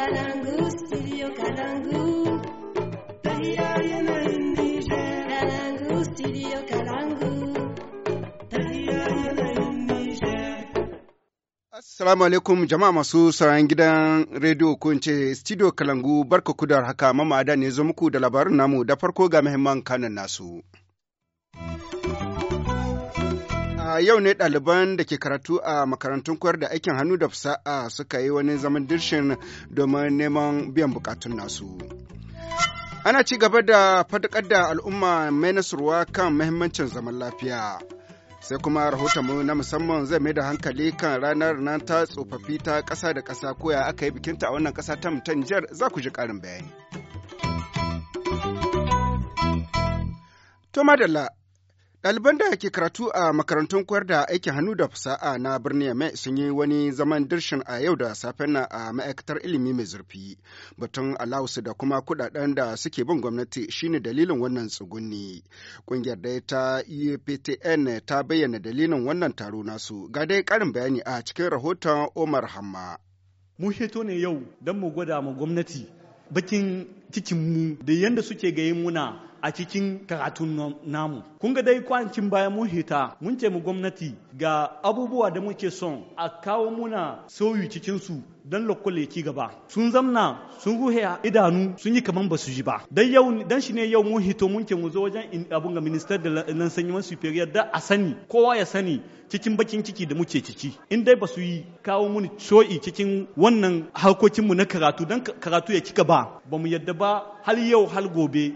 kalangu kalangu yana kalangu studio alaikum jama'a masu sauraron gidan rediyo ko ce studio kalangu barka ku da haka mama ada ne zo muku da labarin namu da farko ga muhimman kanan nasu. A ah, yau ne ɗaliban da ke karatu a makarantun koyar da aikin hannu da fasa'a suka yi wani zaman dirshin domin neman biyan bukatun nasu. Ana ci gaba da fadakar da al'umma mai nasarwa kan mahimmancin zaman lafiya. sai kuma rahotonmu na musamman zai mai da hankali kan ranar nan ta tsofaffi ta ƙasa da ƙasa koya aka yi bikinta a wannan ƙasa ta mutan jihar za ku ji ƙarin bayani. To madalla Ɗaliban da ke karatu a makarantun koyar da aikin hannu da fasa'a na birnin Yame sun yi wani zaman dirshin a yau da safen na a ma'aikatar ilimi mai zurfi. Batun alawusu da kuma kuɗaɗen da suke bin gwamnati shine dalilin wannan tsugunni. Ƙungiyar dai ta UPTN e ta bayyana dalilin wannan taro nasu. Ga dai ƙarin bayani a cikin rahoton Omar Hamma. Mu heto ne yau don mu gwada ma gwamnati bakin cikinmu da yadda suke gayi muna a cikin karatun namu kun ga dai kwancin baya mun hita mun ce mu gwamnati ga abubuwa da muke son a kawo muna sauyi cikin su dan ya ci gaba sun zamna sun ruhe idanu sun yi kaman basu ji ba dan yau dan shi ne yau mun hito mun ce mu zo wajen abun ga minister da nan sanyi superior da a sani kowa ya sani cikin bakin ciki da muke ciki in dai basu yi kawo mun soyi cikin wannan harkokinmu na karatu dan karatu ya ci gaba ba mu yadda ba hal yau hal gobe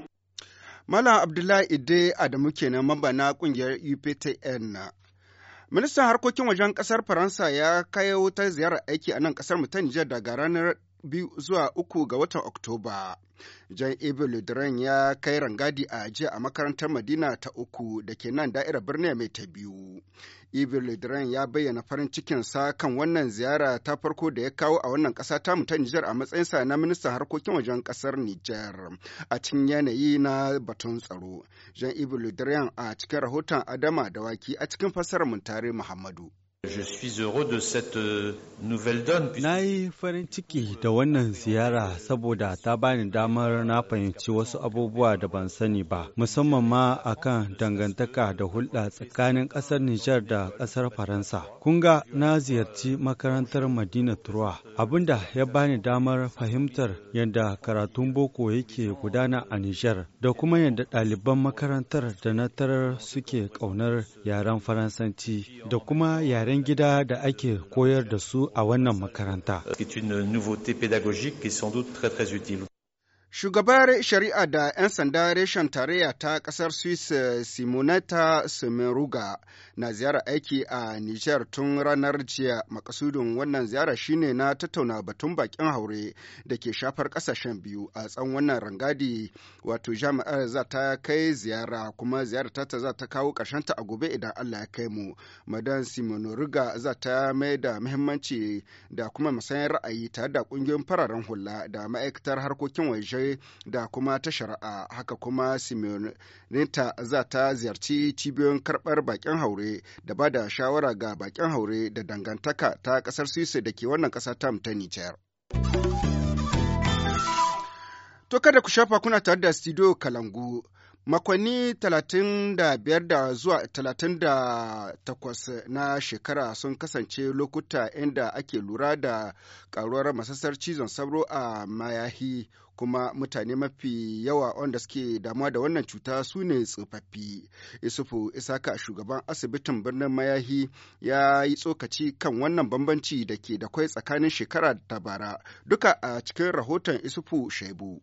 Malam Abdullahi Ide Adamu kenan mabana ƙungiyar UPTN. na. Ministan harkokin wajen ƙasar Faransa ya kai wutar ziyarar aiki a nan ƙasar mu ta daga ranar biyu zuwa uku ga watan Oktoba. Jan Abel ludren ya kai rangadi a jiya a makarantar Madina ta uku da ke nan da'irar birnin mai ta biyu. Abel ludren ya bayyana farin cikinsa kan wannan ziyara ta farko da ya kawo a wannan ƙasa ta ta Nijar a matsayinsa na ministan harkokin wajen ƙasar Nijar a cikin yanayi na batun tsaro. Jan Abel ludren a cikin rahoton Adama da waki a cikin fassarar Muntare Muhammadu. Euh, na yi farin ciki da wannan ziyara saboda ta bani damar na fahimci wasu abubuwa da ban sani ba, musamman ma a kan dangantaka da hulɗa tsakanin ƙasar Nijar da ƙasar Faransa. Kunga na ziyarci makarantar Madina Turwa, abinda ya bani damar fahimtar yadda karatun boko yake gudana a Nijar da kuma yadda ɗaliban makarantar da na tarar suke ƙaunar yaren Faransanci da kuma yaren C'est une nouveauté pédagogique qui est sans doute très très utile. Shugabar shari'a da 'yan sanda reshen tarayya ta ƙasar Swiss Simonetta Semeruga na ziyarar aiki a Nijar tun ranar jiya makasudin wannan ziyara shine na tattauna batun bakin haure da ke shafar ƙasashen biyu a tsan wannan rangadi wato jami'ar za ta kai ziyara kuma ziyara ta za ta kawo ta a gobe idan Allah ya kai mu. Madan Simonoruga za ta mai da muhimmanci da kuma musayar ra'ayi tare da ƙungiyoyin fararen hula da ma'aikatar harkokin waje labarai da kuma ta shari'a haka kuma simonita za ta ziyarci cibiyoyin karɓar bakin haure da ba da shawara ga bakin haure da dangantaka ta ƙasar swiss da ke wannan kasa tam ta nijar. To kada ku shafa kuna tare da studio Kalangu. Makonni 35 da zuwa 38 na shekara sun kasance lokuta inda ake lura da karuwar masasar cizon sauro a mayahi kuma mutane mafi yawa wanda suke damuwa da wannan cuta su ne tsofaffi isufu isaka shugaban asibitin birnin mayahi ya yi tsokaci kan wannan bambanci da ke da kwai tsakanin shekara da bara duka a cikin rahoton isufu shaibu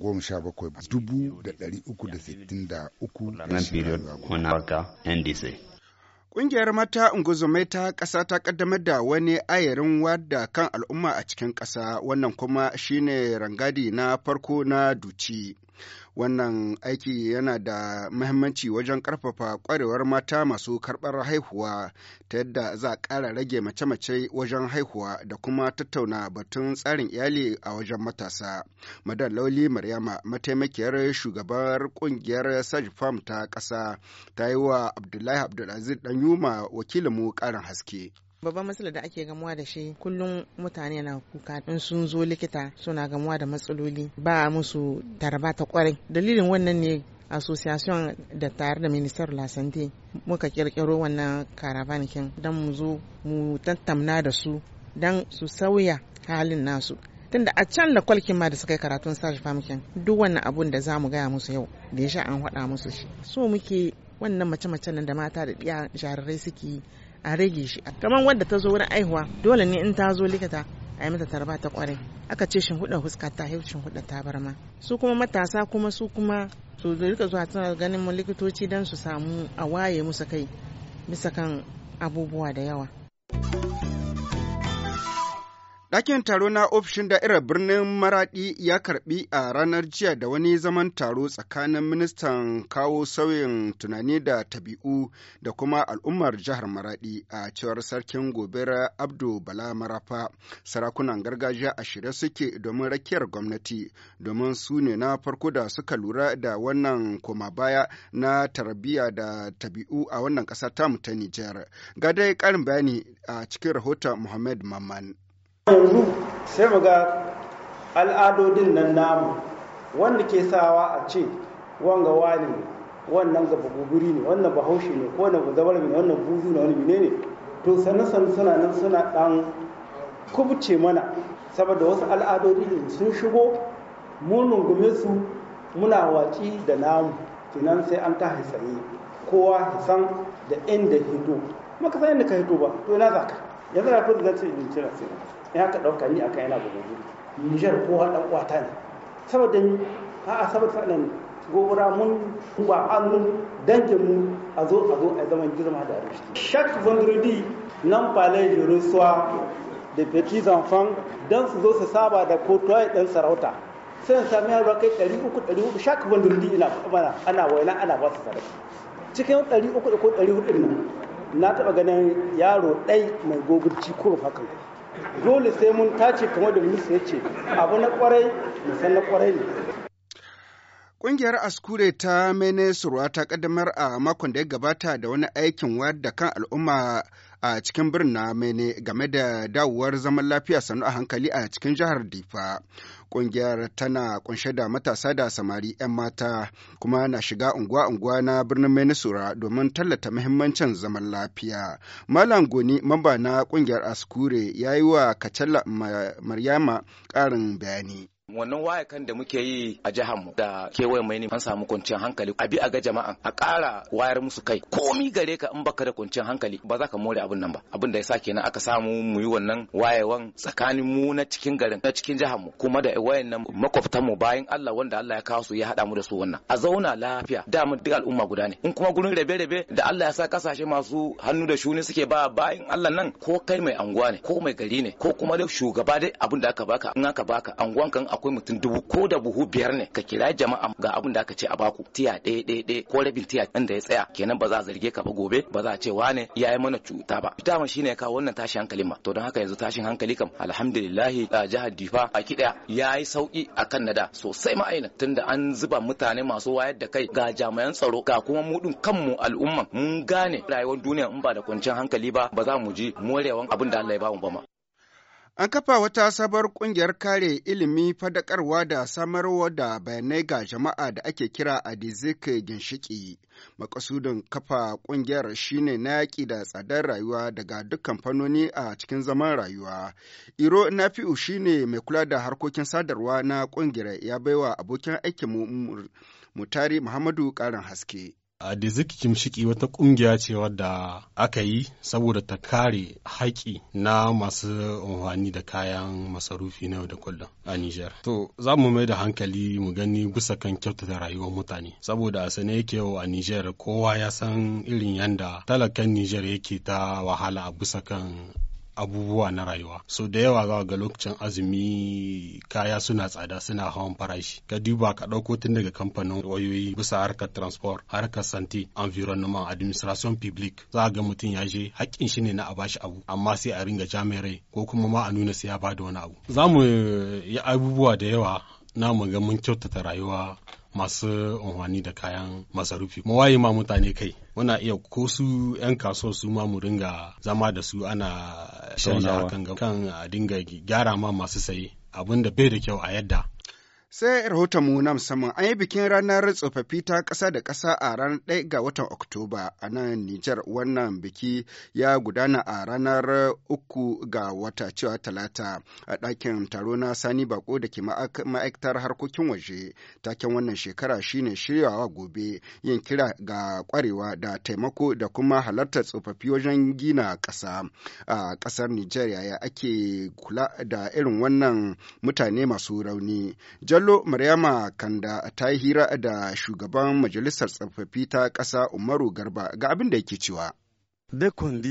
goma sha bakwai dubu da ɗari uku da sittin da uku Ƙungiyar mata unguzume ta ƙasa ta ƙaddamar da wani ayarin wada kan al'umma a cikin ƙasa, wannan kuma shine rangadi na farko na duci. wannan aiki yana da mahimmanci wajen karfafa kwarewar mata masu karɓar haihuwa ta yadda za a ƙara rage mace-mace wajen haihuwa da kuma tattauna batun tsarin iyali a wajen matasa madan lauli maryama mataimakiyar shugabar kungiyar farm ta ƙasa ta yi wa abdullahi abdulaziz dan yuma wakilinmu ƙarin haske babban matsala da ake gamuwa da shi kullum mutane na kuka in sun zo likita suna gamuwa da matsaloli ba a musu tarba ta kwarai dalilin wannan ne association da tare da ministar lasante muka kirkiro wannan karabankin don mu zo mu tattamna da su don su sauya halin nasu tunda a can da kwalkin ma da suka yi karatun sashi famkin duk wannan abun da za mu gaya musu yau da ya sha an faɗa musu shi so muke wannan mace-macen da mata da ɗiya jarirai suke a rage shi kamar wanda ta zo wurin aihuwa dole ne in ta zo likita a yi mata tarba ta kwarai aka ce shinhuɗa huska ta haihu shinhuɗa tabarma su kuma matasa kuma su kuma su rika zuwa tana ganin likitoci don su samu a waye musu kai bisa kan abubuwa da yawa. Ɗakin taro na ofishin da'irar birnin Maraɗi ya karɓi a ranar jiya da wani zaman taro tsakanin ministan kawo sauyin tunani da tabi'u da kuma al'ummar jihar Maraɗi a cewar sarkin gobera Abdu Bala Marafa. Sarakunan gargajiya a shirye suke domin rakiyar gwamnati domin su ne na farko da suka lura da wannan koma baya na tarbiyya da tabi'u a wannan ƙasa tamu ta Nijar. Ga dai ƙarin bayani a cikin rahoton Muhammad Mamman. yanzu sai mu ga al'adodin nan namu wanda ke sawa a ce wanga wani wannan ga buguguri ne wannan bahaushe ne ko wannan guzabar ne wannan buzu ne wani mine ne to sannan sannan suna nan suna dan kubuce mana saboda wasu al'adodi ne sun shigo mun gume su muna waci da namu kinan sai an ta tsaye kowa san da inda hito maka sai inda ka hito ba to ina za ka yanzu na fi zance in cira sai in aka ɗauka ni akan yana bugun guri nijar kowa ɗan ƙwata ne saboda ni a saboda faɗin gobara mun ba hannun dangin mu a zo a zo a zama girma da arziki shak vendredi nan palais je reçois de petits enfants dan su zo su saba da kotoyi ɗan sarauta sai sami yaro kai 300 400 shak vendredi ina mana ana waina ana ba su sarauta cikin 300 ko 400 nan na taɓa ganin yaro ɗai mai gogurci ko hakan dole sai mun tace kamar da minista ya ce abu na kwarai san na kwarai ne Ƙungiyar Askure ta Mene Surwa ta ƙaddamar a makon da ya gabata da wani aikin wayar da kan al'umma a cikin birnin na Mene game da dawowar zaman lafiya sannu a hankali a cikin jihar Difa. Ƙungiyar tana kunshe da matasa da samari 'yan mata kuma na shiga unguwa-unguwa na birnin menesura domin tallata muhimmancin zaman lafiya. Malam Goni mamba na ƙungiyar Askure ya yi wa Kacalla Maryama ƙarin bayani. wannan waya kan da muke yi a jihar mu da kewaye mai ne an samu kwanciyar hankali a bi a ga jama'a a ƙara wayar musu kai komi gare ka in baka da kwanciyar hankali ba za ka more abin nan ba abin da ya sa kenan aka samu mu yi wannan wayewan tsakanin mu na cikin garin na cikin jihar mu kuma da wayan nan makwabtan mu bayan Allah wanda Allah ya kawo su ya hada mu da su wannan a zauna lafiya da mu duk al'umma guda ne in kuma gurin rabe-rabe da Allah ya sa kasashe masu hannu da shuni suke ba bayan Allah nan ko kai mai anguwa ne ko mai gari ne ko kuma da shugaba dai abin da aka baka in aka baka anguwan kan akwai mutum dubu ko da buhu biyar ne ka kira jama'a ga abin da aka ce a baku tiya ɗaya ɗaya ɗaya ko rabin tiya ɗan da ya tsaya kenan ba za a zarge ka ba gobe ba za a ce wane ya yi mana cuta ba dama shine ya kawo wannan tashin hankalin ma to don haka yanzu tashin hankali kam alhamdulillah a jihar Difa a ɗaya ya yi sauki a kan nada sosai ma'aina da tunda an zuba mutane masu wayar da kai ga jami'an tsaro ga kuma mu kanmu al'umma mun gane rayuwar duniya in ba da kwanciyar hankali ba ba za mu ji morewan abin da Allah ya bamu ba ma An kafa wata sabar ƙungiyar kare ilimi fadakarwa da samarwa da bayanai ga jama'a da ake kira Adizik Ginshiki. Makasudin kafa ƙungiyar shine na yaƙi da tsadar rayuwa daga dukkan fannoni a cikin zaman rayuwa. Iro Nafi'u shine mai kula da harkokin sadarwa na ƙungiyar ya baiwa abokin aikin Mutari Muhammadu ƙarin haske. da Diziki Kimshiki wata kungiya ce wadda aka yi saboda ta kare haƙi na masu amfani da kayan masarufi na yau da kullum a Nijar. To za mu mai da hankali mu gani gusa kan kyautata rayuwar mutane saboda a sane yake yau a Nijar kowa ya san irin yanda talakan Nijar yake ta wahala a bisa kan abubuwa na rayuwa so da yawa za ga lokacin azumi kaya suna tsada suna hawan farashi ka duba ka ɗauko tun daga kamfanin wayoyi bisa harkar transport harkar santi environnement administration public za ga mutum ya je haƙƙin shi ne na a bashi abu amma sai a ringa jami'ai ko kuma ma a nuna sai ya bada wani abu za mu yi abubuwa da yawa na mu ga mun kyautata rayuwa masu amfani da kayan masarufi mu waye ma mutane kai muna iya ko su 'yan kasuwa su ma mu ringa zama da su ana shirya kan a dinga gyara ma masu saye abin da bai da kyau a yadda Sai rahoton mu na musamman an yi bikin ranar tsofaffi ta ƙasa da ƙasa a ranar 1 ga watan Oktoba a nan Nijar wannan biki ya gudana a ranar 3 ga wata cewa talata a ɗakin taro na Sani Bako da ke ma'aikatar harkokin waje. Taken wannan shekara shine shiryawa gobe yin kira ga kwarewa da taimako da kuma halartar tsofaffi wajen gina ƙasa. A ƙasar Nijar yaya ake kula da irin wannan mutane masu rauni. Bello Maryama Kanda ta yi hira da shugaban majalisar tsofaffi ta ƙasa Umaru Garba ga abin da yake cewa. Euh,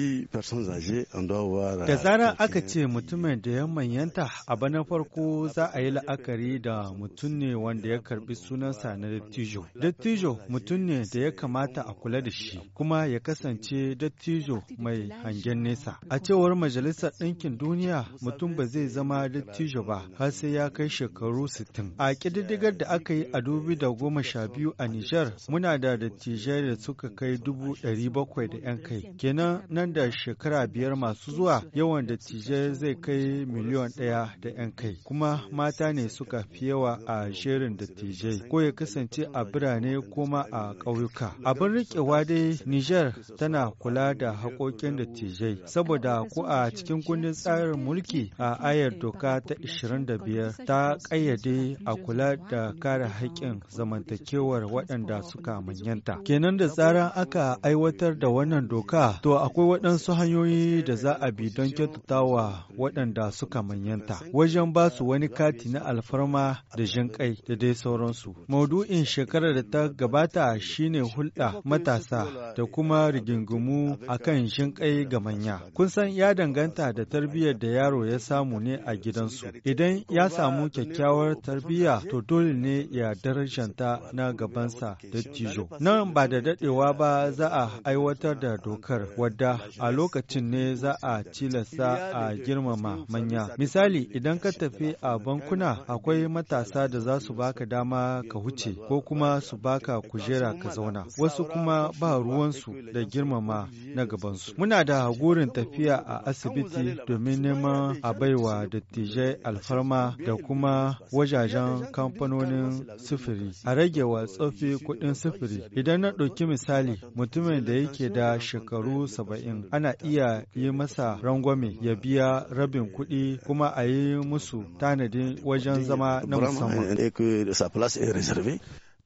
da zarar aka ce mutumin da ya manyanta a na farko za a yi la'akari da mutum ne wanda ya karbi sunansa na dattijo. Dattijo mutum ne da ya kamata a kula da shi kuma ya kasance dattijo mai hangen nesa. A cewar Majalisar Ɗinkin Duniya mutum ba zai zama dattijo ba har sai ya kai shekaru 60. A ƙididdigar da aka yi a dubi da goma sha biyu a Nijar muna da dattijai da suka kai dubu ɗari bakwai da 'yan kai. kenan nan da shekara biyar masu zuwa yawan dattijai zai kai miliyon ɗaya da 'yan kai kuma mata ne suka fi yawa a jerin dattijai ko ya kasance a birane kuma a ƙauyuka abin riƙewa dai niger tana kula da haƙoƙin dattijai saboda ko a cikin kundin tsarin mulki a ayar doka ta 25 ta ƙayyade a kula da kare haƙƙin zamantakewar waɗanda suka manyanta kenan da tsaran aka aiwatar da wannan doka To akwai waɗansu hanyoyi da za a bi don kyautatawa waɗanda suka manyanta wajen ba su wani kati na alfarma da jinƙai da dai sauransu. Maudu'in shekarar da ta gabata shine hulɗa matasa da kuma rigingimu a akan jinƙai ga manya. Kun san ya danganta da tarbiyyar da yaro ya samu ne a gidansu. Idan ya samu kyakkyawar tarbiyya to dole ne ya darajanta na gabansa da tijo. Nan ba da daɗewa ba za a aiwatar da dokar wadda a lokacin ne za a tilasta a girmama manya. Misali idan ka tafi a bankuna akwai matasa da za su baka dama ka huce ko kuma su baka kujera ka zauna. Wasu kuma ba ruwansu da girmama na gabansu. Muna da gurin tafiya a asibiti domin neman a baiwa dattijai alfarma da kuma wajajen kamfanonin sufuri. A rage wa tsofi kuɗin sufuri. Idan na ɗauki misali mutumin da yake da shekaru saba'in ana iya yi masa rangwame ya biya rabin kuɗi kuma a yi musu tanadin wajen zama na musamman.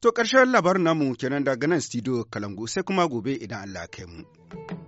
To ƙarshen labarin namu kenan daga nan studio Kalangu sai kuma gobe idan Allah kai mu.